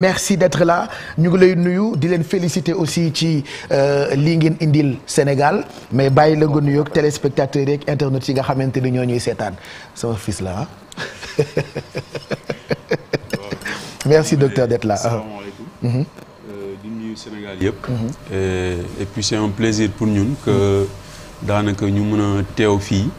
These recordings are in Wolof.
merci d'être là ñu ngi lay nuyu di leen féliciter aussi ci euh, lii ngeen indil Sénégal mais bàyyi la nga nuyoog téléspectateurs yeeg internet yi nga xamante ni ñoo ñuy seetaan sama fils la ah. merci docteur d'être là. Ah. Mhm. Euh, di nuyu Sénégal yëpp. Mhm. Euh, et puis c'est un plaisir pour ñun que daanaka ñu mën a teew fii.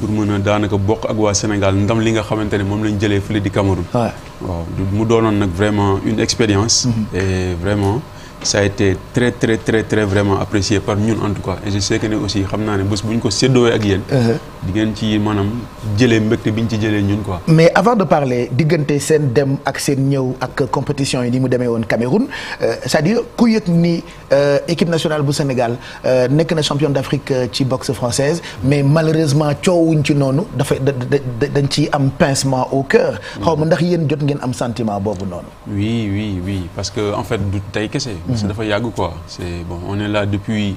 pour mën a daanaka bokk ak waa Sénégal ndam li nga xamante ne moom lañ jëlee fële di Cameroun. waaw mu doonoon nag vraiment une expérience. Mm-hmm. et vraiment. ça été très très très très vraiment apprécié par ñun en tout cas et je sais que ne aussi xam naa ne bés bu ñu ko séddoowee ak yéen. Uh-huh. di ngeen ci maanaam jëlee mbégte bi ñu ci jëlee ñun quoi. mais avant de parler diggante seen dem ak seen ñëw ak compétition yi ni mu demee woon Cameroun euh, c'est-à-dire ku yëg ni euh, équipe nationale bu Sénégal euh, nekk na champion d'Afrique ci boxe française mais malheureusement coowuñ ci noonu dafa dañ ci am pincement au cœur. Mm-hmm. xaw ma ndax yéen jot ngeen am sentiment boobu noonu. oui oui oui parce que en fait du tey kese. parce mm-hmm. que dafa yàgg quoi bon on est là depuis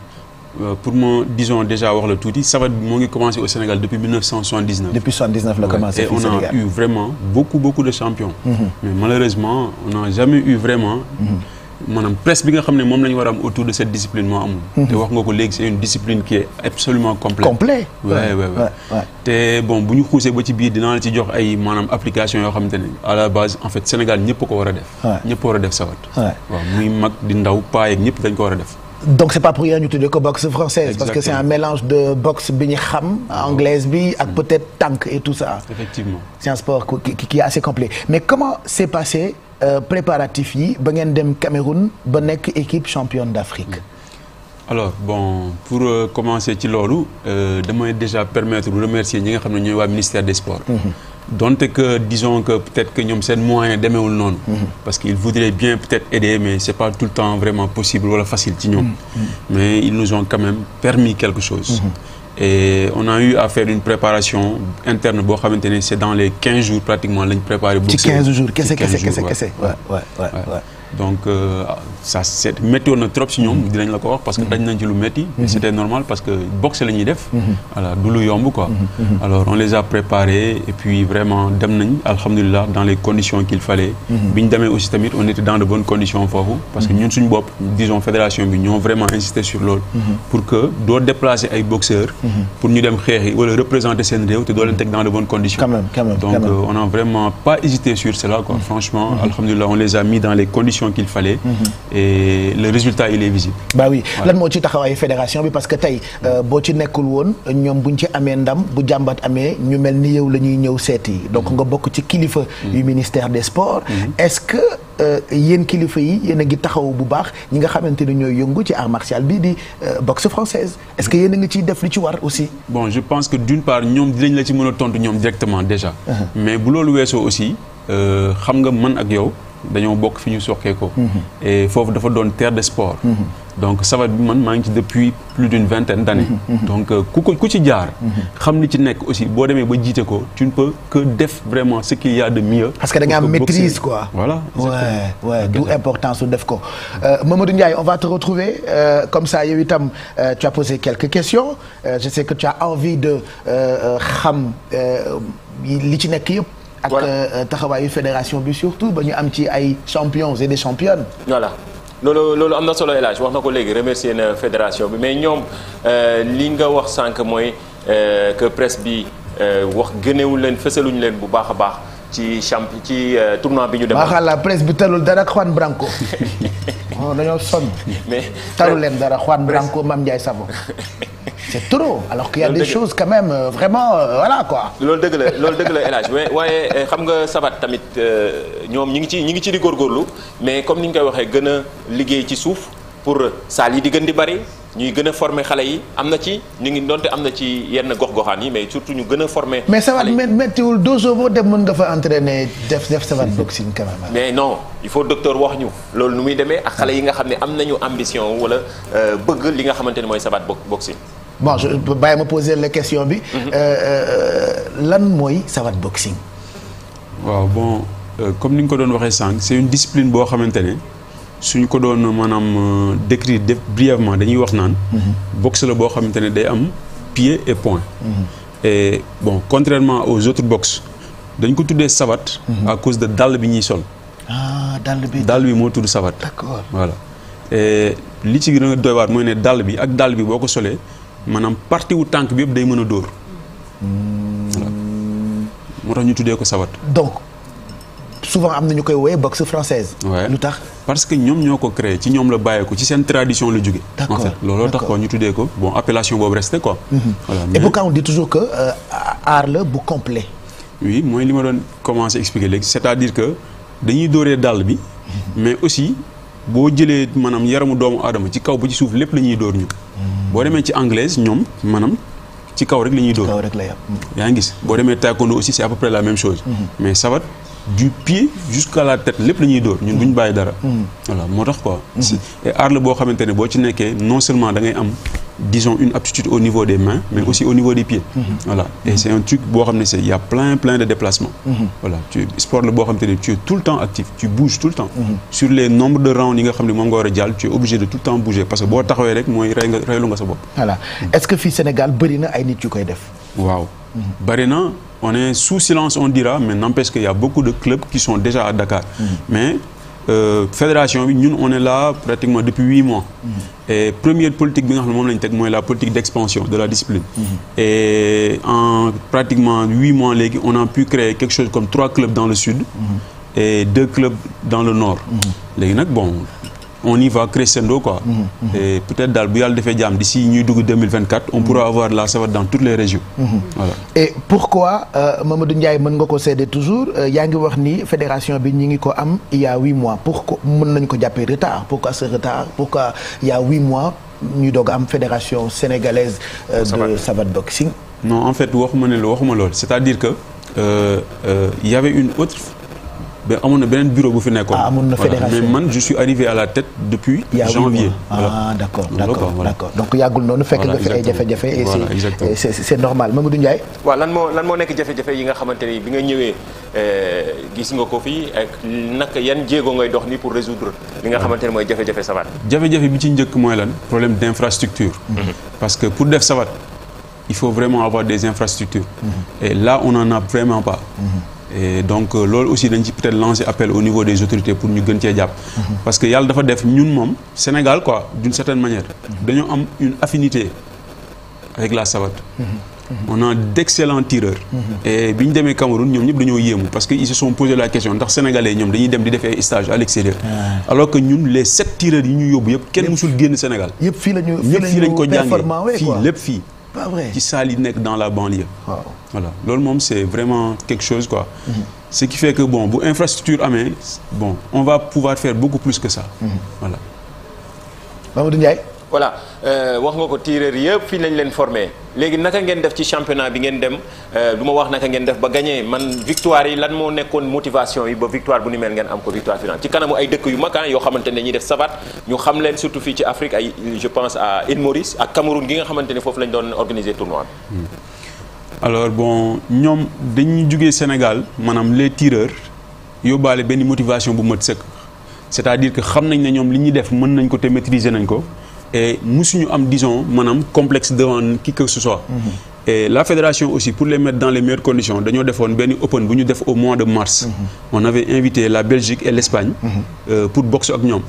euh, pour mo disons déjà wax la tuuti savate bi moo ngi commencé au Sénégal depuis 1979. depuis 79 la commencé fii Sénégal et on a eu vraiment beaucoup beaucoup de champions. Mm-hmm. on n'a jamais eu vraiment. Mm-hmm. maanaam presse bi nga xam ne moom la war a am autour de cette discipline moo amul. Mhm. te wax nga ko léegi c'est une discipline qui est absolument complète. complet bon bu ñu xuusee ba ci biir dinaa ci jox ay maanaam application yoo xamante ne à la base en fait Sénégal ñëpp ko war a def. ñëpp war def sawat. muy mag di ndaw paa yeeg ñëpp dañ ko war a def. donc c'est pas pour rien ñu tuddee ko boxe française Exactement. parce que c'est un mélange de boxe bi ñu xam anglaise bi ak mm. peut Euh, préparatif yi ba ngeen dem Cameroun ba nekk équipe championne d'Afrique alors bon pour euh, commencer ci loolu euh, damay déjà permettre de remercier ñi nga xam ne ñooy waa ministère des sports mm -hmm. donte que disons que peut-être que ñoom seen moyen mhm. parce qu'ils voudraient bien peut-être aider mais c'est pas tout le temps vraiment possible wala facile ci ñoom mhm. mais ils nous ont quand même permis quelque chose mhm. et on a eu à faire une préparation interne boo xamante ne c'est dans les quinze jours pratiquement lañ préparé. ci quinze jours kese kese kese kese. donc euh, ça c'est méttoon na trop si ñoom mm-hmm. dinañ la ko wax parce que mm-hmm. daj nañ ci lu métti mm-hmm. c'était normal parce que boxe la def du lu yomb quoi on les a préparés et puis vraiment dem nañ alhamdulilah dans les conditions qu'il fallait bi ñu demee aussi tamit on était dans de bonnes conditions foofu parce que ñu dem xeexi wala représenter teg dans de bonnes conditions donc euh, on a vraiment pas hésité sur cela quoi franchement alhamdulilah on les a mis dans solution qu'il fallait. Mhm. et le résultat il est visible. bah oui lan moo ci taxawaayu fédération bi parce que tey euh, boo ci nekkul woon ñoom buñ ci amee ndam bu jàmbat amee ñu mel ni yow la ñuy ñëw seeti donc nga bokk ci kilifa. Mhm. yu ministère des sports. Mhm. est-ce que euh, yéen kilifa yi yéen a ngi taxaw bu baax ñi nga xamante ne ñooy yëngu ci art martial bii di euh, boxe française est-ce que yéen a ngi ciy def li ci war aussi. bon je pense que d'une part ñoom dinañ la ci mën a tontu ñoom directement déjà. Uh-huh. mais bu loolu weesoo aussi xam nga man ak yow. dañoo bokk fi ñu sokkee ko mhm. foofu dafa doon terre de sport mhm. donc savate bi man maa ngi ci depuis plus d'une vingtaine d'années mhm. donc euh, ku ko ku ci jaar xam li ci nekk aussi boo demee ba jiite ko tu ne peux que def vraiment ce qu'il y a de mieux parce que da nga am maîtrise quoi voilà ouais d'où importance su def ko euh, Mamadou Ndiaye on va te retrouver euh, comme ça yow itam tu as posé quelques questions je sais que tu as envie de xam li ci nekk yëpp ak euh, euh, taxawaayu fédération bi surtout ba ñu am ci ay champions et des championnes. voilà loolu loolu am na solo El wax na ko léegi remercier na fédération bi mais ñoom euh, li nga wax sànq mooy que presse bi wax gënewul leen fësaluñu leen bu baax a baax. ci champ ci euh, tournoi bi ñu dem. waxal la presse bi talul dara Juan Branco moom oh, dañoo sonn. mais talu leen dara Juan Branco Mame Ndiaye Savon. c'est trop alors qu'il y a des choses quand même euh, vraiment euh, voilà quoi. loolu dëgg la loolu dëgg la El Hadj mais waaye xam nga sabat tamit ñoom ñi ngi ci ñi ngi ci di góorgóorlu mais comme ni ñu koy waxee gën a liggéey ci suuf pour saal yi di gën di bari. ñuy gën a xale yi am na ci ñu ngi doonte am na ci yenn gox-goxaan yi mais surtout ñu gën a former. mais savate méttiwul doso boo dem mën nga fa entraîner def def savate boxing quand mais non il faut docteur wax ñu loolu nu muy demee ak xale yi nga xam ne am nañu ambition wala euh, bëgg li nga xamante ne mooy savate boxing. bon je bàyyi ma poser la question bi. Mhm. Euh, euh, lan mooy savate boxing. waaw bon comme ni nga ko doon waxee sànq c'est une discipline boo xamante ne. suñ ko doon maanaam euh, décrire def brièvement dañuy wax naan. Mm-hmm. boxe la boo xamante ne day am pied et point. Mm-hmm. bon contrairement aux autres boxes dañ ko tuddee savate. a mm-hmm. cause de dàll bi ñuy sol. ah dàll bi dàll bi moo tudd savate. d'accord voilà. li ci gën a doy waar mooy ne dàll bi ak dàll bi boo ko solee maanaam partie wu tànk bi yëpp day mën a dóor. voilà moo tax ñu tuddee ko savate. donc. souvent am na ñu koy wooyee boxe française. lu tax parce que ñoom ñoo ko créé ci ñoom la bàyyeeku ci seen tradition la jóge. d'accord en fait looloo tax quoi ñu tuddee ko bon appellation boobu resté quoi. Mhm. voilà mais et pourquoi euh, la bu complet. oui mooy li ma doon commencer expliquer léegi c'est-à-dire que dañuy dooree dàll bi. Mhm. mais aussi boo jëlee maanaam yaramu doomu aadama ci kaw ba ci suuf lépp la ñuy dóor ñu. Mhm. boo demee ci anglaise ñoom maanaam. ci kaw rek la ñuy dóor yaa ngi gis boo demee taekwondo aussi c'est à la même chose. mais savate du pied jusqu'à la tête lépp la ñuy dóor ñun bu ñu bàyyi dara. Mm. voilà moo tax quoi. Mm-hmm. et aar boo xamante ne boo ci nekkee non seulement da ngay am disons une aptitude au niveau des mains mais mm-hmm. aussi au niveau des pieds. Mm-hmm. voilà et c'est un truc boo xam ne c'est il y a plein plein de déplacements. voilà tu sport la boo xamante ne tu es tout le temps actif tu bouges tout le temps. sur les nombres de rounds yi nga xam ne moom nga war a jàll tu es obligé de tout le temps Mhm. bari na on est sous silence on dira mais n'empêche qu'il y a beaucoup de clubs qui sont déjà à Dakar. Mhm. mais euh, fédération bi ñun on est là pratiquement depuis huit mois. Mhm. et première politique bi nga xam ne moom la teg mooy la politique d'expansion de la discipline. et en pratiquement huit mois léegi on a pu créer quelque chose comme trois clubs dans le sud. et deux clubs dans le nord. léegi nag bon. on y va crescendo quoi. Mm-hmm. Mm-hmm. et peut-être daal bu yàlla defee jàmm d'ici ñuy dugg 2024 on pourra avoir la savate dans toutes les régions. Mm-hmm. voilà et pourquoi euh, Mamadou Ndiaye mën nga ko seede toujours euh, yaa ngi wax ni fédération bi ñu ngi ko am il y a huit mois pourquoi mën nañ ko jàppee retard pourquoi ce retard pourquoi il y huit mois ñu doog am fédération sénégalaise. Euh, de savate boxing. non en fait waxuma ne waxuma loolu c'est-à-dire que il une autre. ba amoon na beneen bureau bu fi nekkoon. ah amoon na fédération mais man je suis arrivé à la tête depuis. janvier ah d' donc yàggul noonu. fekk nga fi jafe-jafe. moo lan moo jafe-jafe yi nga xamante bi nga ñëwee eh, gis nga ko fii ak naka yan jéego ngay dox nii pour résoudre li nga xamante ni mooy jafe-jafe savate. jafe-jafe bi ci njëkk mooy lan problème d' infrastructure. Mm-hmm. parce que pour def savate il faut vraiment avoir des infrastructures. Mm-hmm. et là on en a vraiment pas. Mm-hmm. et donc euh, loolu aussi dañ ci peut-être lancer appel au niveau des autorités pour ñu gën cee jàpp. parce que yàlla dafa def ñun moom Sénégal quoi d'une certaine manière. dañoo am une affinité avec la savate. on a d'excellents tireurs. et bi ñu demee Cameroun ñoom ñëpp dañoo yéemu parce que ils se sont posé la question ndax sénégalais ñoom dañuy dem di def ay stage à l'extérieur. alors que ñun les sept tireurs yi ñu yóbbu yëpp kenn mësul génn Sénégal. yëpp fii lañu fii lañu ko jàngee fii lépp fii. pas vrai ci saal yi nekk dans la banlieue. waaw voilà loolu moom c' est vraiment quelque chose quoi. Mm -hmm. fait que bon bu infrastructure amee bon on va pouvoir faire beaucoup plus que ça. Mm voilà euh, wax nga ko tireur yëpp fii lañ leen formé léegi naka ngeen def ci championnat bi ngeen dem euh, du ma wax naka ngeen def ba gagné man victoire yi lan moo nekkoon motivation yi ba victoire bu ni mel ngeen am ko victoire finale ci kanamu ay dëkk yu mag ah, yoo xamante ne ñuy def sabat ñu xam leen surtout fii ci Afrique ay je pense à Île Maurice ak Cameroun gi nga xamante ne foofu lañ doon organiser tournoi bi. Hmm. alors bon ñoom dañuy jugee Sénégal maanaam les tireurs yóbbaale benn motivation bu mat sëkk c'est-à-dire que xam nañ ne ñoom li ñuy def mën nañ ko te nañ ko. et musuñu am disons maanaam complexe devant qui que ce soit. Mhm. et la fédération aussi pour les mettre dans les meilleures conditions dañoo defoon benn open bu ñu def au mois de mars. Mhm. on avait invité la Belgique et l' mhm. euh, pour boxe ak ñoom.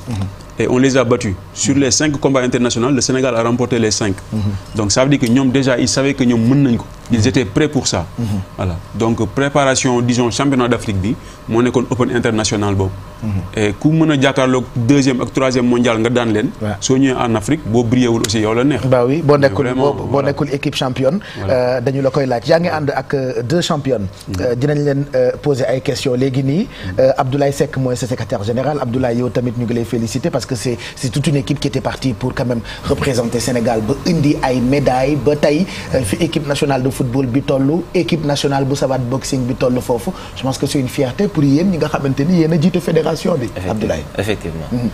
et on les a battus. Sur les cinq combats internationaux, le Sénégal a remporté les cinq. Mhm. Donc ça veut dire que ñoom déjà ils savaient que ñoom mën nañ ko. ils mhm. étaient prêts pour ça. Mhm. donc préparation disons championnat d'Afrique bi moo nekkoon open international boobu. Mm ku mën a jàkkaarloog deuxième ak troisième mondial nga daan leen. waaw soo ñëwee en Afrique boo brillé aussi yow la neex. boo nekkul équipe championne. Euh, dañu la koy laaj yaa ngi ànd ak euh, deux championnes. Mm. Euh, parce que c'est c'est toute une équipe qui était partie pour quand même représenter Sénégal ba indi ay médailles ba tey euh, équipe nationale de football bi toll équipe nationale bu sabat boxing bi toll foofu je pense que c'est une fierté pour yéen ñi nga xamante ni yéen a jiite fédération bi Abdoulaye effectivement mhm.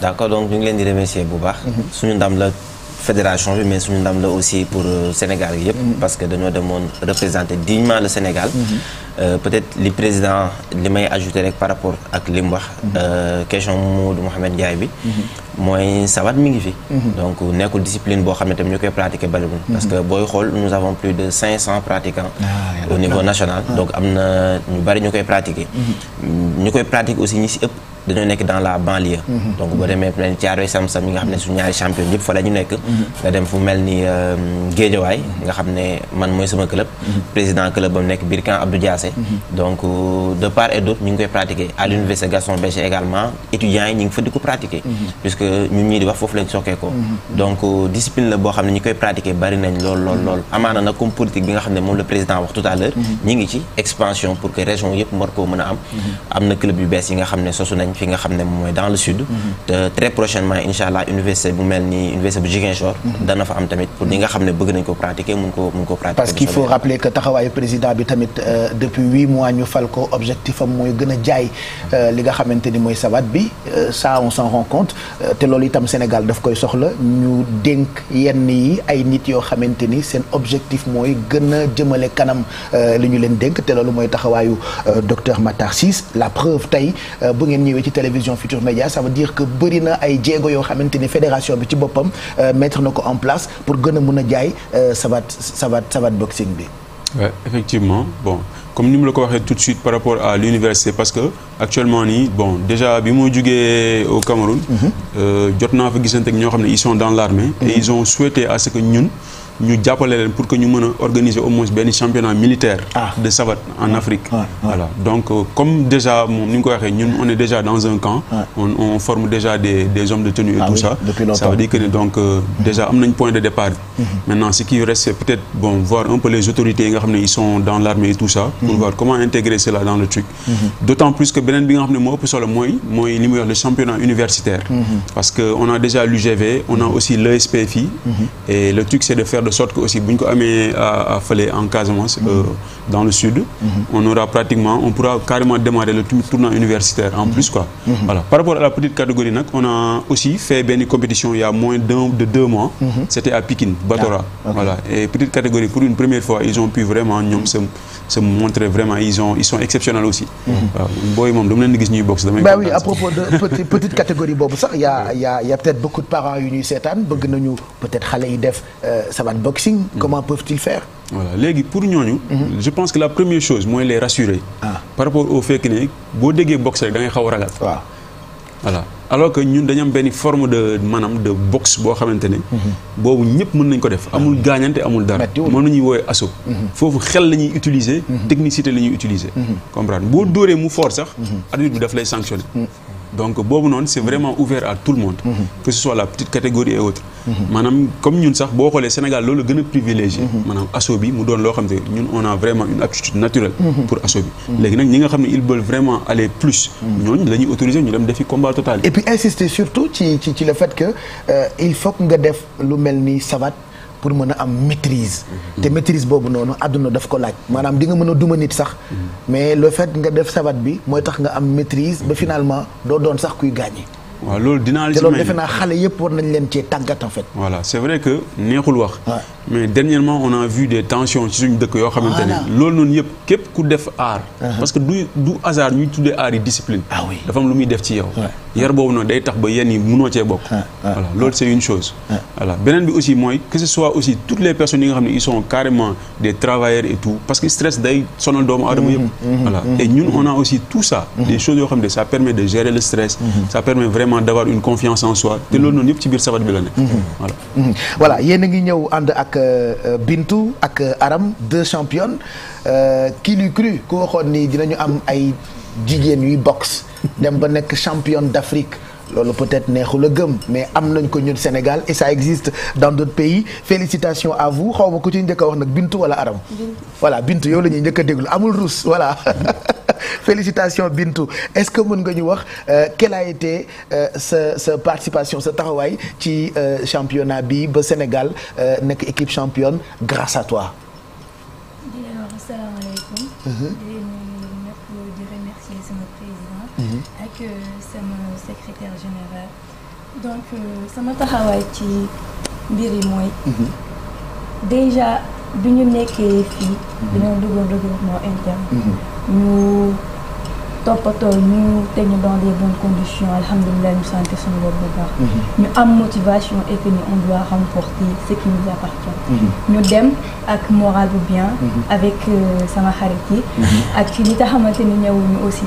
d'accord donc ñu ngi leen di remercier bu baax mhm. suñu ndam la fédération bi mais suñu ndam la aussi pour euh, Sénégal yi yëpp mhm. parce que dañoo demoon représenter dignement le Sénégal Euh, peut-être li président li may ajouté rek par rapport ak li mu wax. Euh, question Mamadou Mouhamed Ndiaye bi. Mhm. mooy sabat mi ngi fi. Mhm. donc nekkul discipline boo xam ne tamit ñu koy pratiquer bariwul. Mhm. parce que booy xool nous avons plus de 500 pratiquants. Ah, au niveau national ah. donc am na ñu bari ñu koy pratiquer. ñu koy aussi ñi ci ëpp. dañoo nekk dans la banlieue. donc boo demee mel ni Thiaroye Sam Sam yi nga xam ne su ñaari champion yëpp fa la ñu nekk. nga dem fu mel ni euh, Guédiawaye nga xam ne man mooy sama club. président club ba mu nekk Birkan Abdou Diassé. passé. Euh, de part et d'autre ñu ngi koy pratiquer à l'université Gaston Berger également étudiants yi ñu ngi fa di ko pratiquer. puisque ñun ñii di wax foofu lañ sokkee ko. Euh, discipline la boo xam ne ñu koy pratiquer bari nañ lool lool amaana nag comme politique bi nga xam ne moom le président wax tout à l'heure ñi ngi ci expansion pour que région yëpp mën koo mën a am. am na club yu bees yi nga xam ne sosu nañ fi nga xam ne mooy dans le sud. te prochainement depuis huit mois ñu fal ko objectif am mooy gën a jaay euh, li nga xamante ni mooy savate bi euh, ça on s'en rend euh, te loolu itam Sénégal daf koy soxla ñu dénk yenn yi ay nit yoo xamante ni seen objectif mooy gën a jëmale kanam li ñu leen dénk te loolu mooy taxawaayu docteur Matar Ciss la preuve tey bu ngeen ñëwee ci télévision Futur Média ça veut dire que bëri na ay jéego yoo xamante ni fédération bi ci boppam mettre na ko en place pour gën mun a jaay savate savate savate boxing bi. comme ni mu la ko waxee tout de suite par rapport à l'université parce que actuellement nii bon déjà bi moo jugee au Cameroun. Mhm. Euh, jot naa fa gisante ak ñoo xam ne ils sont dans l'armée et mhm. ils ont souhaité à ce que ñun. ñu jàppale leen pour que ñu mën organiser au moins benn championnat militaire. Ah. de savate en Afrique. donc euh, comme déjà ni nga ko on est déjà dans un camp. on forme déjà des hommes de tenue et ah tout ça. ça veut que donc euh, déjà am nañ point de départ. Mm-hmm. maintenant ce qui reste c'est peut-être bon voir un peu les autorités nga xam ils sont dans l'armée et tout ça. pour mm-hmm. voir comment intégrer cela dans le truc. Mm-hmm. d'autant plus que beneen bi a déjà l'UGV de que aussi bu ñu ko amee à fële en Casamance. Euh, mm-hmm. dans le sud. Mm-hmm. on aura pratiquement on pourra carrément démarrer le tournant universitaire en plus quoi. Mm-hmm. par rapport à la petite catégorie nag on a aussi fait benn compétition il moins deux mois. c'était à Pikine Batora. Ah, et petite catégorie pour une première fois ils ont pu vraiment ñoom se montrer vraiment ils ont exceptionnels aussi. waaw booy moom dama leen di ñuy boxe damay. bah sax y y a y a boxing. Mm -hmm. comment peuvent-ils léegi pour ñooñu. Mhm. je pense que la première chose mooy les rassurer. Ah. par rapport au fait ne boo déggee boxe rek da xaw a ragal. waaw voilà alors que ñun dañu am benn forme de maanaam de boxe boo xamante ne. Mhm. boobu ñëpp mën nañ ko def amul ah. gaañante amul dara. moom la ñuy woowee assaut. Mhm. foofu xel la ñuy utiliser. technicité la ñuy utiliser. comprendre boo dóoree mu fort sax. arbitre bi daf lay sanctionner. donc boobu noonu c'est vraiment ouvert à tout le monde. que maanaam comme ñun sax boo xoolee Sénégal loolu gën a privilégié mhm. maanaam asso bi mu doon loo xam te ñun on a vraiment une aptitude naturelle mhm. pour asso bi mhm. léegi nag ñi nga xam ne ils veulent vraiment aller plus ñooñu la ñuy autoriser ñu dem defi combat total et puis insister surtout ci ci ci que euh, il faut nga def lu mel ni savate pour mën a am maîtrise te maîtrise boobu noonu àdduna daf ko laaj maanaam di nga mën a duma nit sax mais le fait nga def savate bi mooy tax nga am maîtrise ba finalement doo doon sax kuy gaañe waaw loolu dinaa la ci may defe xale yëpp war nañ leen cee tàggat en fait. voilà est vrai que neexul wax. mais dernièrement on a vu des tensions ci suñ dëkk yoo xamante ne. loolu noonu yëpp képp ku def aar. Uh-huh. parce que du du hasard ñuy tuddee aar yi discipline. ah oui dafa am lu muy def ci yow. yar boobu noonu day tax ba yenn yi mënoo cee bokk. Ah, ah, voilà ah. loolu c' une chose. beneen bi aussi mooy que ce soit aussi toutes les personnes yi nga xam ne ils sont carrément des travailleurs et tout parce que stress day sonal doomu aadama yëpp. Mm-hmm, mm-hmm, mm-hmm, et ñun on a aussi tout ça. des choses yoo xam ne ça permet de gérer le stress. ça permet vraiment d' une confiance en soi te loolu noonu yëpp ci biir sabat bi la nekk. voilà voilà ngi ñëw ànd ak euh, euh, Bintu ak Aram deux championnes euh, jigéen yuy boxe dem ba nekk championne d'Afrique loolu peut-être neexul a gëm mais am nañ ko ñun Sénégal et ça existe dans d'autres pays félicitations à vous xaw ma ku ci njëkk wax nag Bintu wala Aram. voilà Bintu yow la ñuy njëkk a déglu amul rus voilà félicitation Bintu est-ce que mën nga ñu wax euh, quelle a été euh, sa sa participation sa taxawaay ci euh, championnat bi ba Sénégal nekk équipe championne grâce à toi. secrétaire général donc sama euh, taxawaay ci mbir yi mooy mhm. déjà bi ñu nekkee fii mhm. dañoo dugal regroupement interne mhm. ñu toppatoo ñu teg ñu dans des bonnes conditions alhamdulilah ñu sant suñu bopp bu baax ñu am motivation et que ni on doit remporter ce qui nous appartient ñu dem ak moral bu bien avec euh, sama xarit yi ak li nga xamante ni ñëwuñu aussi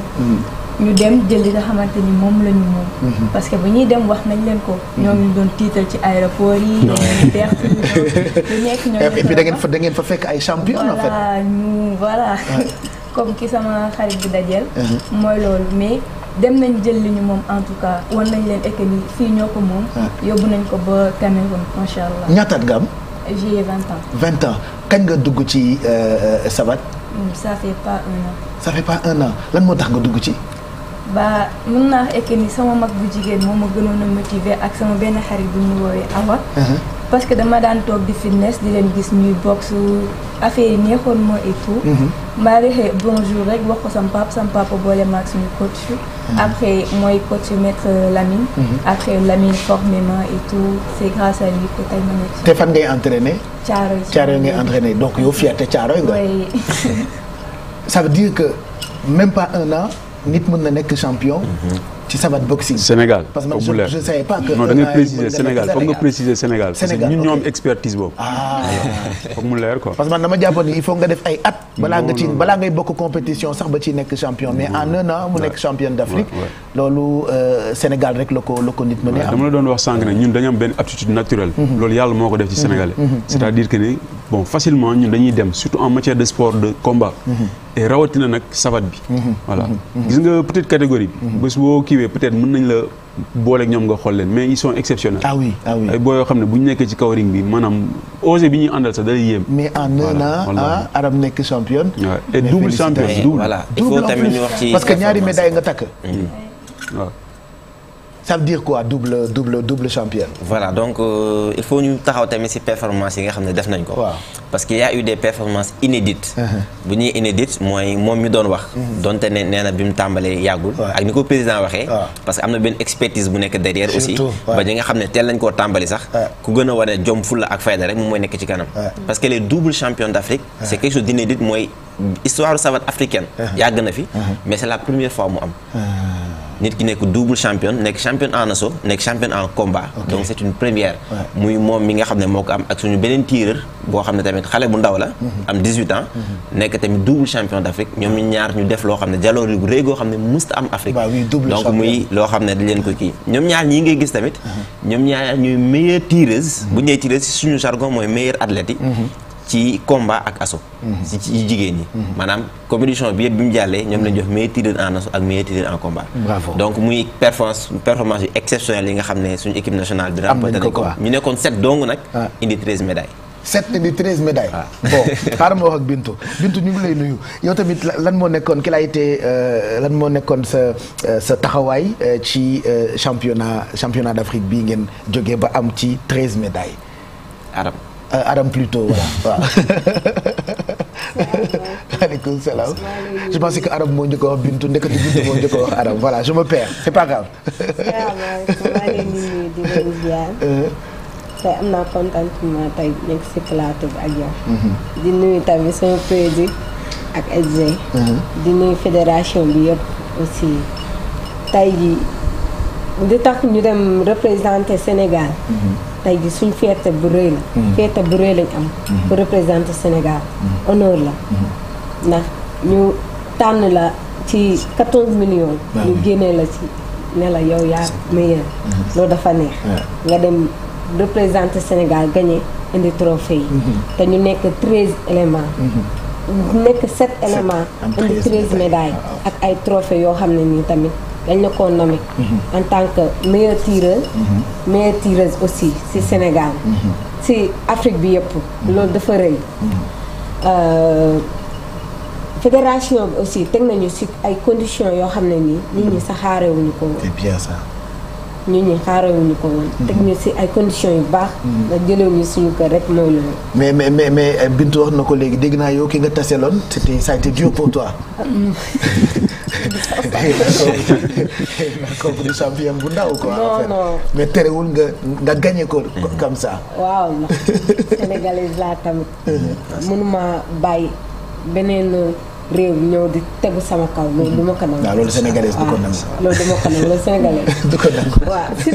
ñu dem jël li nga xamante ni moom lañu moom. Mhm. parce que bu ñuy dem wax nañ leen ko. Mhm. ñoom ñu doon tiital ci aéroport yi. ñoo ngi dex ñu nekk eh, ñoo fa da ngeen fa fekk ay champion en fait ñu voilà. comme ki sama xarit bi dajeel. Mhm. mooy loolu mais dem nañ jël li moom en tout cas wan nañ leen ekk ni fii ñoo ko moom. yóbbu nañ ko ba Cameroun macha allah. ñaataat nga am. j'ai vingt ans. vingt ans kañ nga dugg ci euh, euh, savate. ça fait pas un an. ça fait pas un an lan moo tax nga dugg ci. ba mun naa wax ni sama mag bu jigéen moom ma gënoon a motiver ak sama benn xarit bu ñu woowee Awa. Uh-huh. parce que dama daan toog di fitness di leen gis ñuy boxe affaire neexoon moo et tout. Uh-huh. maa ngi waxee bonjour rek wax ko sama papa sama papa boole maag uh-huh. après mooy coach maître Lamine. après Lamine formé ma et ma nekk. te fan ngay entraîner. Caaroy Caaroy ngay entraîner donc yow fierté Caaroy nga. oui. ça veut dire que même pas un an. nit mën na nekk champion. ci savate boxing. Sénégal parce que man je je savais pas que. non euh, da nga préciser Sénégal foog nga préciser Sénégal. Sénégal ñun ñoom ah. parce que man dama jàppoon ni il faut nga def at. balaa nga ci balaa ngay bokk compétition sax ba ci nekk champion mais en un an mu nekk championne d'Afrique. loolu euh, Sénégal rek la ko la ko nit mën a dama la doon wax sànq ne ñun dañu benn aptitude naturelle. Mhm. loolu yàlla moo ko def ci mhm. Sénégalais. Mhm. c'est-à-dire que ni bon facilement ñun dañuy dem surtout en matière de sport de combat. Mhm. et rawatina nag savate bi. Mhm. Mhm. voilà gis nga petite catégorie bi. bés boo kiiwee peut-être mën nañ la booleeg ñoom nga xool leen mais ils sont exceptionnels. ah oui ah oui ay boo xam ne bu ñu nekkee ci kaw ring bi maanaam osé bi ñuy àndal sax day yéem. mais en un an ah Arame nekk championne. et double championne double. voilà parce que ñaari médaille nga takk. waaw. Mm. ça veut dire quoi double double double championne. voilà donc euh, il faut ñu taxaw tamit ci performance yi nga xam ne def nañ ko. waaw parce que y a eu des performances uh-huh. bu ñuy inédites mooy moom mi doon wax. Uh-huh. donte ne nee na bi mu tàmbalee yàggul. ak ni ko président waxee. parce que am na benn expertise bu nekk derrière. aussi ba ñi nga xam ne teel nañ koo tàmbali sax. ku gën a wane jom fulla ak fayda rek moom mooy nekk ci kanam. parce que les double champions d'Afrique. c'est quelque chose d'inédit mooy histoire savate africaine. yàgg na fi. la première fois mu am. nit ki nekk double champion nekk champion en assaut nekk champion en combat. donc c' une première. muy moom mi nga xam ne moo ko am ak suñu beneen tireur boo xam ne tamit xale bu ndaw la. Mhm. am 18 ans. Mhm. nekk tamit double champion d' ñoom ñu ñaar ñu def loo xam ne jaloor yu rëy goo xam ne musta am Afrique. donc muy loo xam ne dañ leen ko kii ñoom ñaar ñii ngay gis tamit. Mhm. ñoom ñaar ñuy meilleure tireuse. bu ñu nee tireuse suñu jargon mooy meilleure athlète yi. ci combat ak asso mhm. ci jigéen ñi mhm. maanaam compétition bi yëpp bi mu jàllee ñoom lañ jox meilleur tireur en asso ak meilleur tireur en combat bravo donc muy performance yu exceptionnelle yi nga xam ne suñu équipe nationale bi remporté nañ ko ñu nekkoon sept dong nag ah. indi treize médailles sept di treize médailles ah. bon xaaral ma wax ak Bintu Bintu ñu ngi lay nuyu yow tamit lan moo nekkoon ki lay tee lan moo nekkoon sa euh, sa taxawaay euh, ci euh, championnat championnat d'Afrique bii ngeen jógee ba am ci treize médailles Euh, Adam plutôt voilà waaw. maaleykum je pensais que a wax Bintu ndekete Bintu moo njëkk c'est pas grave. tey am naa contentement tey bi ak mm-hmm. tamit sama président ak SG. Mm-hmm. di nuyu fédération bi yëpp aussi tey jii di tax ñu dem représenter Sénégal. Mm-hmm. tey ji suñ feete bu rëy la hmm. fierté bu rëy lañ am hmm. pour représenter Sénégal hmm. honneur la ndax ñu tànn la ci 14 millions ah ñu génnee la ci nela la yow yaa meilleur loolu dafa neex nga dem représenter Sénégal gagné indi trophée yi te ñu nekk 13 éléments nekk 7 éléments indi 13 médailles ah, ah. ak ay trophées yoo xam ne nii tamit dañ la ko nommé mhm. en tant que meilleur tireur mhm. meilleure tireuse aussi ci Sénégal mhm. ci Afrique bi yëpp loolu dafa rëy euh, fédération bi aussi teg nañu ci ay conditions yoo xam ne nii nit ñi saxaarewuñu ko c'est ñu ñu xaarawuñu ko woon. Mm-hmm. teg ñu si ay conditions yu baax. Mm-hmm. nga jëlee ñu suñu kër rek mooy loolu. mais mais mais mais eh, Bintu wax na ko léegi dégg naa yow ki nga taseloon c'était ça a été dur pour toi. comme du champion bu ndaw quoi. non non mais terewul nga nga gagné ko mm-hmm. comme ça. waaw sénégalaise laa tamit. mënuma bàyyi beneen. réew ñëw di tegu sama kaw loolu du ma ko nangu. waaw loolu sénégalaise du ko nangu. Ah, loolu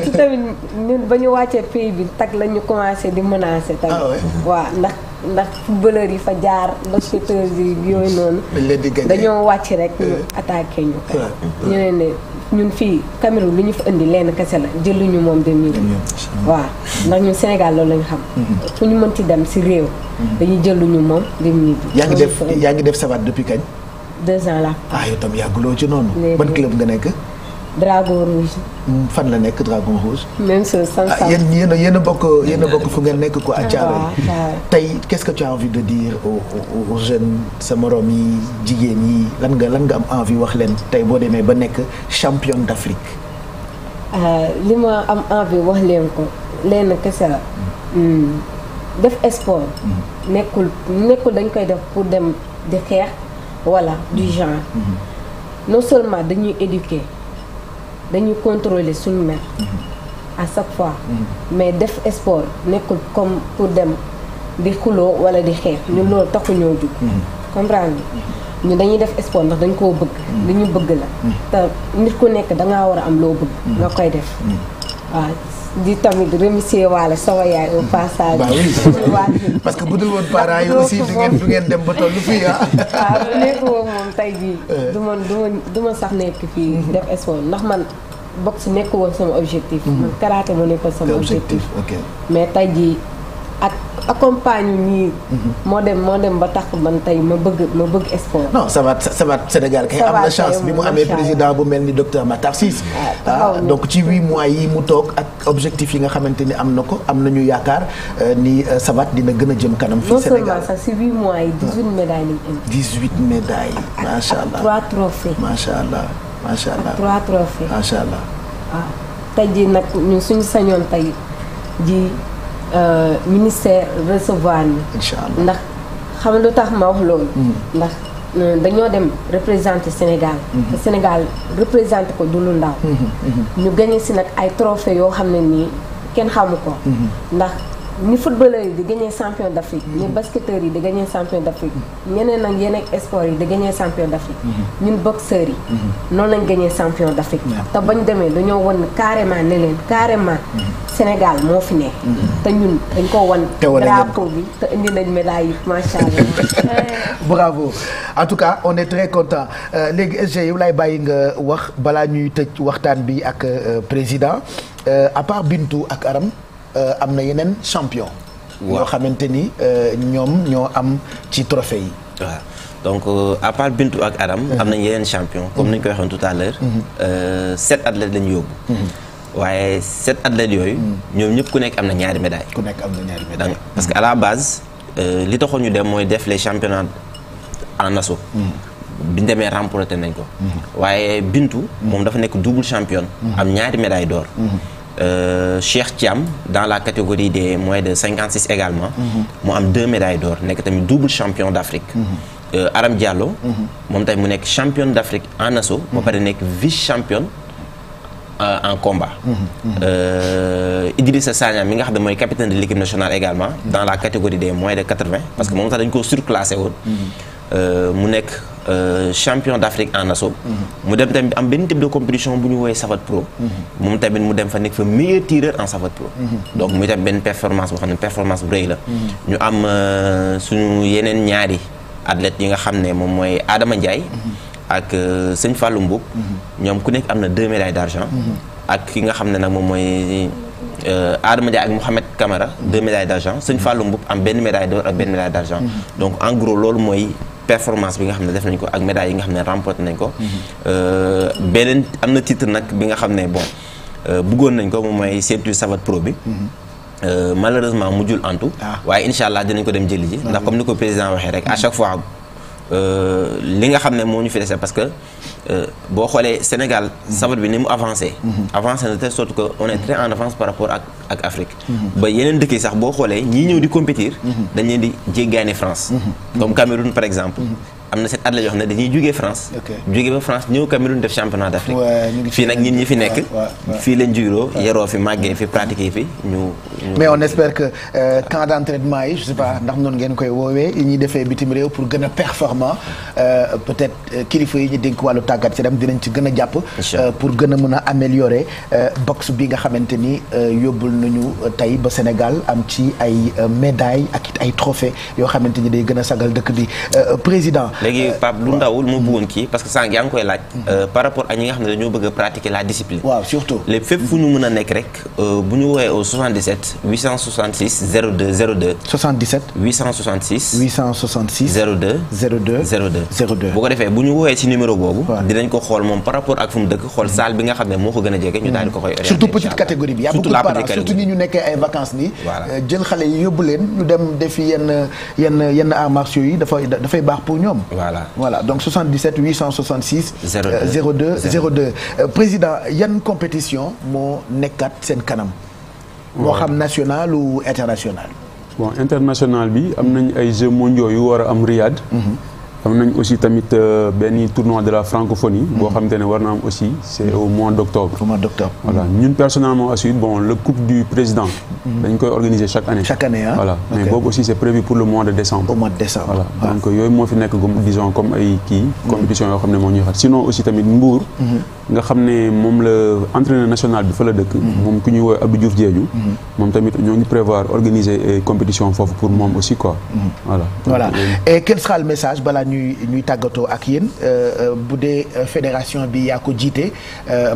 du ma ba ñu wàccee pays bi tag la ñu commencé di menacer. tamit ah waa ndax ndax footballeur yi fa jaar ndax footballeur yi yooyu noonu. dañoo wàcc rek ñu attaqué ñu. ñu ne ñun fii Cameroun li ñu fa indi lenn kese la jëluñu moom de mille waaw ndax ñun Sénégal loolu lañu xam mm-hmm. fu ñu mënti dem si réew mm-hmm. dañuy jëluñu moom de mille yaa ngi def yaa def sabat depuis kañ deux ans la ah yow tam yàgguloo ci noonu ban club nga nekk dragon rouge. Mm, fan la nekk dragon rouge. même chose ah, sans yéen a yéen a bokk yéen bokk fu ngeen nekk ko à Thiaroye. tey qu'est-ce que tu envie de dire aux aux, aux jeunes sa moroom yi jigéen yi lan nga lan nga am envie wax leen tey boo demee ba nekk champion d'Afrique. Euh, li ma am envie wax leen ko leen kese la. Mm. Mm. def sport. nekkul nekkul dañ koy def pour dem di xeex wala di genre. non seulement dañuy éduquer. dañuy contrôler suñu mel mm-hmm. à chaque fois mm-hmm. mais def sport nekkul comme pour dem di xuloo wala di xeex ñun mm-hmm. loolu taxu ñoo jug comprendre ñu dañuy def sport ndax dañ koo bëgg li ñu bëgg la te nit ku nekk dangaa war a am loo bëgg nga koy def waaw di tamit remercier waale sama yaay au passage. parce que bu dul woon parents yi aussi du ngeen dem ba tollu fi ah. waaw ah, bu nekkul woon moom tay jii. Eh. du ma du ma du ma sax nekk fii. Mhm. def espoir ndax man boxe nekkul woon sama objectif. Mhm. man karaté ma nekkoon sama objectif. mais tey jii. accompagne ñii. Mhm. moo dem moo dem ba tax man tey ma bëgg ma bëgg sport. non Savath Savath Sénégal kay am na chance bi mu amee président bu mel ni docteur Matar Cissé. Ah, ah, donc ci huit mois yi mu toog ak objectif yi nga xamante ni am na ko am na ñu yaakaar euh, ni Savath euh, dina gën a jëm kanam. fii Sénégal non seulement mois yi dix huit médailles lañ indi. dix huit médailles. macha allah trois trophées. macha allah macha allah trois trophées. macha allah. waaw ah, jii nag ñun suñu sañoon tey ji. Euh, ministère recevoir ni ndax xam nga lu tax ma wax loolu mm. ndax euh, dañoo dem représenter Sénégal mm-hmm. Sénégal représenter ko dulu lu ndaw mm-hmm. Mm-hmm. ñu gagné si nag ay trophée yoo xam ne nii kenn xamu ko ndax ni footballeur yi di gagné champion d' Afrique. ni basketteurs yi di gagné champion d' Afrique. ñeneen ak yeneen sport yi di gagné champion d' Afrique. Mhm. ñun boxeurs yi. Mhm. noonu lañ gagné champion d' Afrique. te bañ demee dañoo wan carrément ne leen carrément. Mhm. Sénégal moo fi nekk. te ñun dañ ko wan. drapeau bi te indi nañ médaille yi macha allah. bravo en tout cas on est très content euh, léegi SG yow lay bàyyi nga wax balaa ñuy tëj waxtaan bi ak euh, président euh, à part Bintu ak Aram. Euh, am na yeneen champion ñoo xamante ni euh, ñoom ñoo am ci trophée yi waaw donc euh, à part Bintu ak Adam mhm. am nañ yeneen champion mhm. comme nañ koy waxoon tout à l'heure mhm. sept athlètes lañu yóbbu waaye set athlètes yooyu ñoom ñëpp ku nekk am na ñaari médaille ku nekk am na ñaari médaille parce que à la base li taxoon ñu dem mooy def les championnats en assaut biñ demee remporté nañ ko waaye Bintu moom dafa nekk double championne am ñaari médaille d'or Euh, ci am dans la catégorie de moins de 56 également. mu am deux médailles d'or nekk tamit double champion d'Afrique. Mhm. Euh, Aram Diallo. Mhm. moom tamit mu nekk championne d'Afrique en assaut. ba mhm. pare nekk vice championne. Euh, en combat. Mmh, mmh. Euh, mi nga xam ne mooy capitaine de l'équipe nationale également. dans la catégorie des mois de quatre-vingts. parce que moom sax dañu ko surclassé woon. Euh, mu nekk. Euh, champion d'Afrique en assaut. Mhm. mu dem tamit am benn type de compétition bu ñu woowee savate pro. Mhm. moom tamit mu dem fa nekk fa meilleur tireur en savate pro. Mhm. donc muy tam benn performance boo xam ne performance bu rëy la. ñu am euh, suñu yeneen ñaari athlètes yi nga xam ne moom mooy Adama Ndiaye. ak euh, sëñ Fallou Mboub. ñoom ku nekk am na deux médailles d'argent. ak ki nga xam ne nag moom mooy. Euh, Adama Ndiaye ak Mouhamed kamara deux médailles d'argent Sëñ Fallou Mboup am benn médaille d'or ak benn médaille d'argent mhm. donc en loolu mooy performance bi nga xam ne def nañ ko ak médaille yi nga xam ne remporté nañ ko mhm. euh, beneen am na titre nag bi nga xam ne bon euh, bëggoon nañ ko moom mooy ceinture savate pro bi mhm. malheureusement mujjul antu ah. waaye incha allah dinañ ko dem jëli ji ndax comme ni ko président waxee rek à chaque fois Euh, li nga xam ne moo ñu fi dese parce que euh, boo xoolee Sénégal sabar bi ni mu avancé mhm. avancé na telle sorte que on est très en avance par rapport ak ak Afrique mhm. ba yeneen dëkk sax boo xoolee ñii ñëw di compétir mhm. dañ leen di jéggaani France comme Cameroun par exemple am na seen athlètes yoo xam ne dañuy jugee France. jugee ba France ñëw Cameroun def championnat d' Afrique. fii nag ñun ñi fi nekk. fii leen jugee yeroo fi màggee fi pratiquer fi ñu. mais on espère que euh, camp d' entraînement yi je sais ndax noonu ngeen koy woowee yi ñuy defee bitim réew pour gën a performant euh, peut être euh, kilifa yi ñu dénk wàllu tàggat ci dem dinañ ci gën a jàpp. pour gën a mën a améliorer boxe bi nga xamante ni yóbbul nañu tey ba Sénégal am ci ay médailles ak ay trophées yoo xamante ni day gën a sagal dëkk bi président. léegi Pape lu ndaw lu ma bëggoon kii parce que sànq yaa ngi koy laaj. Euh, par rapport ak ñi nga xam ne dañoo bëgg pratiquer la discipline. waaw surtout lépp fépp fu ñu mën a nekk rek euh, bu ñu woowee au 77 866 02 02. ko defee bu ñu woowee ci numéro boobu. dinañ ko xool moom par rapport ak fu mu dëkk xool salle bi nga xam ne moo ko gën a jege. ñu daal di koy mm. surtout petite catégorie bi. yaa beaucoup de surtout ni ñu nekkee ay vacances nii. Euh, jël xale yi yóbbu dafay baax pour ñoom voilà voilà donc 77 866. 02 02 02 président yan compétition moo nekkaat seen kanam. moo xam national ou international. bon international bi am nañ ay jeux mondiaux yu war a am Riyad. Mhm. am nañ aussi tamit euh, benn tournoi de la francophonie. Hmm. boo xamante ne war na am aussi c' est au mois d' octobre. au mois d' octobre. voilà hmm. ñun personnellement aussi bon le coupe du président. Hmm. dañ koy organiser chaque année. chaque année boobu aussi c' prévu pour le mois de décembre. au mois de décembre ah. donc yooyu moo fi nekk comme disons comme ay kii. compétition yoo xam ne moo ñuy xat sinon aussi tamit Mbour. nga xam ne moom la entraîneur national bi fa la dëkk. Mhm. moom ku ñuy woowee abu Diouf Diédiou. Mhm. moom tamit ñoo ngi prévoir organiser eh, compétition foofu pour moom aussi ko mhm. voilà voilà euh, et quel sera message balaa ñuy ñuy tàggatoo ak yéen euh, euh, bu dee fédération bi yaa ko jiite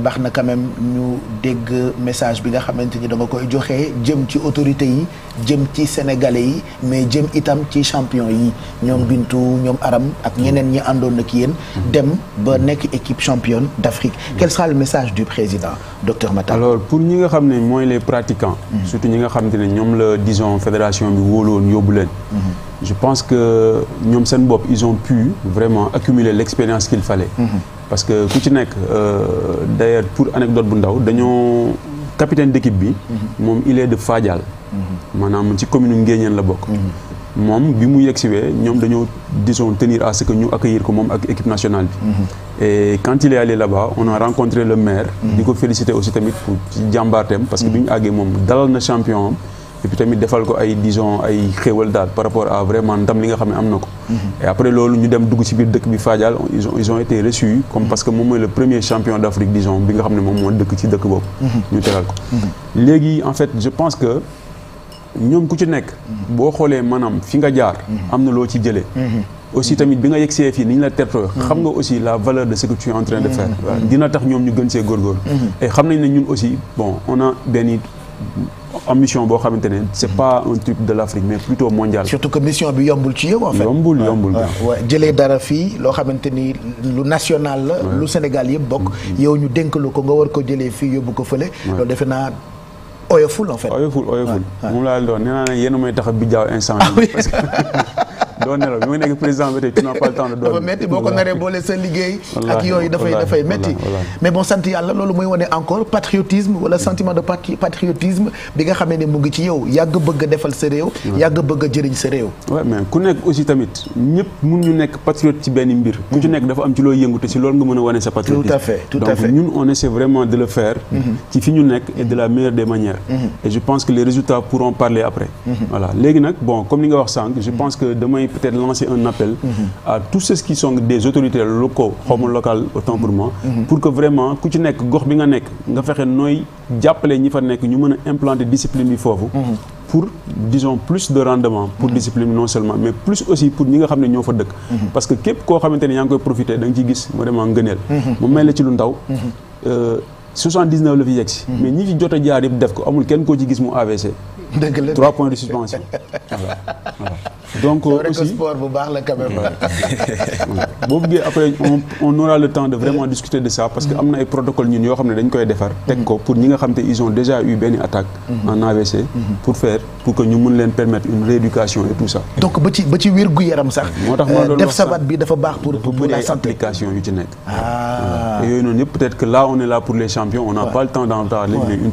baax na quand même ñu dégg message bi nga xamante ni da nga koy joxe jëm ci autorité yi jëm ci sénégalais yi mais jëm itam ci champion yi ñoom Bintu ñoom Aram ak ñeneen ñi àndoon ak yéen. dem ba nekk équipe championne d'Afrique. quel sera le message du président docteur Matar alors pour ñi nga xam ne mooy les pratiquants mm-hmm. surtout ñi nga xamante ne ñoom la dison fédération bi wóoloon yóbbu leen mm-hmm. je pense que ñoom seen bopp ils ont pu vraiment accumuler l'expérience qu'il fallait mm-hmm. parce que ku ci nekk euh, d'ailleurs pour anecdote bu ndaw dañoo capitaine d'équipe bi moom il de Fadial maanaam ci commune Nguéniène la bokk moom bi mu yegsiwee ñoom dañoo disons tenir à ce que ñu accueillir ko moom ak équipe nationale bi e quand il est allé là-bas on a rencontré le maire mhm. di ko féliciter aussi tamit pour ci parce que mhm. bi ñu àggee moom dalal na champion am tamit defal ko ay disons ay xéewal daal par rapport à vraiment ndam li nga xam ne am na ko et après loolu ñu dem dugg ci biir dëkk bi Fadial ils ont ils ont été reçus comme parce que moom mooy le premier champion d'Afrique disons que ñoom ku ci nekk. boo xoolee maanaam fi nga jaar. am na loo ci jëlee. aussi tamit bi nga yegg see fii ni ñu la tertoo xam nga aussi la valeur de ce que tu es de faire. Mm-hmm. dina tax ñoom ñu gën see góorgóorlu. Mm-hmm. et xam nañ ne ñun aussi bon on a benn ambition boo xamante ne c' est mm-hmm. pas un truc de l' Afrique mais plutôt mondial. surtout que mission bi yombul ci yow en fait. yombul yombul dara fii loo xamante ni lu national la. lu Sénégal yëpp bokk. yow ñu dénk lu ko nga war ko jëlee fii yóbbu ko fële. loolu defe naa. oyoful en fait. oyoful oyoful moom laa leen doon nee naa instant ah parce doo nelaw bi ma nekk président ba boo ko naree boole sa liggéey. ak yooyu dafay dafay métti. mais bon sant yàlla loolu mooy wane encore patriotisme wala sentiment de patriotisme bi nga xamee ne mu ngi ci yow yàgg bëgg a defal sa réew. yàgg bëgg a jëriñ sa réew. ku nekk aussi tamit ñëpp mun ñu nekk patriote ci benn mbir. ku ci nekk dafa am ci looy yëngu si loolu nga mën a wane sa patriotisme. donc ñun on essaie vraiment de le faire. Mm-hmm. ci fi ñu nekk peut-être lancer un appel à tous ceux qui sont des autorités locaux xawma local autant pour pour que vraiment ku ci nekk gox bi nga nekk nga fexe nooy jàppale ñi fa nekk ñu mën a implanter discipline bi foofu pour disons plus de rendement pour mmh. discipline non seulement mais plus aussi pour ñi nga xam ne ñoo fa dëkk parce que képp koo xamante ne yaa ngi koy profité da nga ciy gis vraiment ngëneel mu mel la ci lu ndaw euh, la fi yegg si mais ñi fi jot a jaar koo gis mu AVC donc aussi sport bu après on on le temps de vraiment discuter de ça parce que am na ay protocole ñun yoo xam ne dañ koy defar. teg ko pour ñi nga xam te ils ont déjà eu benn attaque. Mhm. en AVC. Mhm. pour faire pour que ñu mun leen permettre une rééducation et tout ça. donc ba ci wér gu yaram sax. Euh, def sabat bi dafa baax pour pour la application yu ci nekk. Ah. yooyu noonu yëpp peut que là on est là pour les champions. on n'a pas le temps d'en parler mais une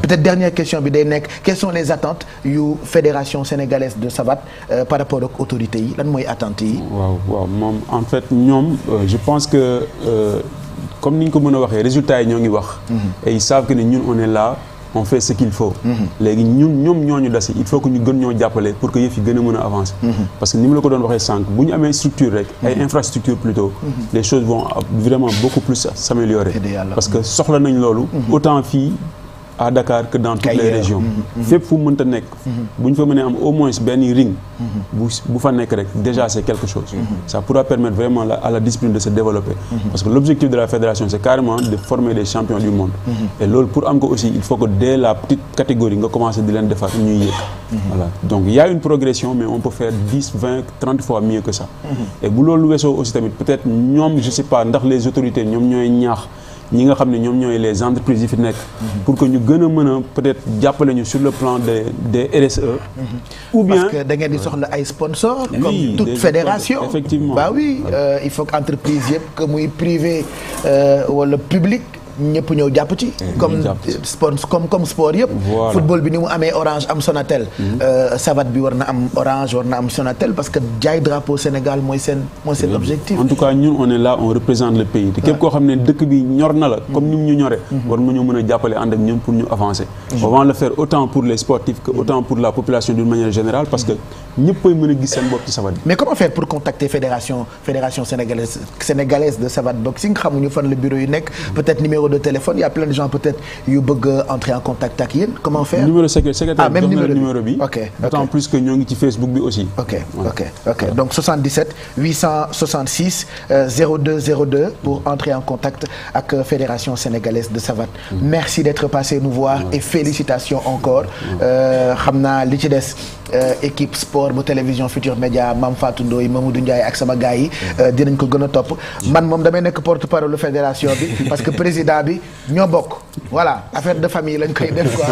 peut-être dernière question bi day nekk quelles sont les attentes yu fédération sénégalaise de savate euh, par rapport ak yi lan mooy attentes yi. waaw waaw moom en fait ñoom euh, je pense que euh, comme ni ñu ko mën a waxee résultats yi ñoo ngi wax. Mhm. et ils savent que ne ñun on est là. on fait ce qu'il faut mhm. léegi ñun ñoom ñooñu dasi il faut que ñu gën ñoo jàppale pour que yëf yi gën a mën a avancer mhm. parce que ni mu la ko doon waxee sànq bu ñu amee structure rek ay infrastructure plutôt les choses parce que soxla nañ loolu autant à Dakar que dans toutes les régions mm-hmm. Mm-hmm. fépp fu mënta nekk mm-hmm. bu ñu fa mënee am au moins benn ring bu fa nekk rek déjà c'est quelque chose ça pourra permettre à la discipline de se développer parce que l'objectif de la fédération c'est carrément de former des champions du monde et loolu pour am ko aussi il faut que dès la petite catégorie nga commencer di leen defar ñuy yëg voilà donc il une progression mais on peut faire dix vingt trente fois mieux que ñi nga xam ne ñoom ñooy les entreprises yi fi nekk. Mhm. pour que ñu gën a mën a peut-être jàppale ñu sur le plan des des RSE. Mhm. ou parce que da ngeen di soxla ay sponsors. comme toute fédération effectivement. bah oui euh, il faut que entreprise yëpp que muy privé euh, wala public. ñëpp ñëw jàpp ci. Mm-hmm. comme sport yëpp. football bi ni mu amee orange am Sonatel. Mm-hmm. Euh, savate bi war am orange war am Sonatel parce que jaay drapeau Sénégal mooy seen mm-hmm. objectif. en tout cas ñun on est là on représente le pays. te képp xam ne dëkk bi ñor na la. comme ni ñu ñoree. war nga ñu mën a jàppale ànd ak ñun pour ñu avancer. on va le faire pour les sportifs que autant pour la population d'une manière générale parce que ñëpp a a gis seen bopp ci savate numéro de téléphone en contact ak yéen comment faire. numéro secrétaire ah même numéro bi numéro bi. ok d'autant plus que ñoo ngi ci Facebook bi ak euh, fédération sénégalaise de savate. Mm. merci d'être passé nous voir et félicitations euh, xam naa li ci des. Euh, équipe sport bu télévision Futur Média Mame Fatou Ndoye Mamadou Ndiaye ak sama gars yi mhm. euh, dinañ ko gën a topp man moom damay nekk porte parole fédération bi parce que président bi ñoo bokk voilà affaire de famille la koy def quoi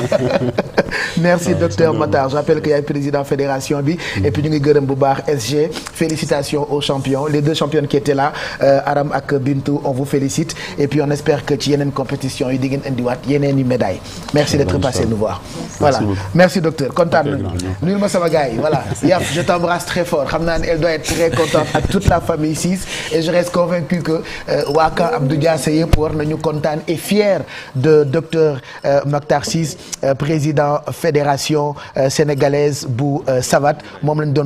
merci docteur Matar je que yaay président fédération bi mhm. et ñu ngi gërëm bu baax SG félicitations au champions les deux championnes qui étaient là euh, Aram ak Bintou on vous félicite et puis on espère que ci yeneen compétition yi di ngeen indiwaat yeneen i médailles merci d'être passé ma sama yi voilà Yap je t'embrasse très fort xam naa ne elle doit être très contente ak toute la famille 6 et je reste convaincu que euh, waa camp Abdou Diassé yëpp war nañu kontaan et fier de docteur euh, Mactar Ciss euh, président fédération sénégalaise bu savate moom lañ doon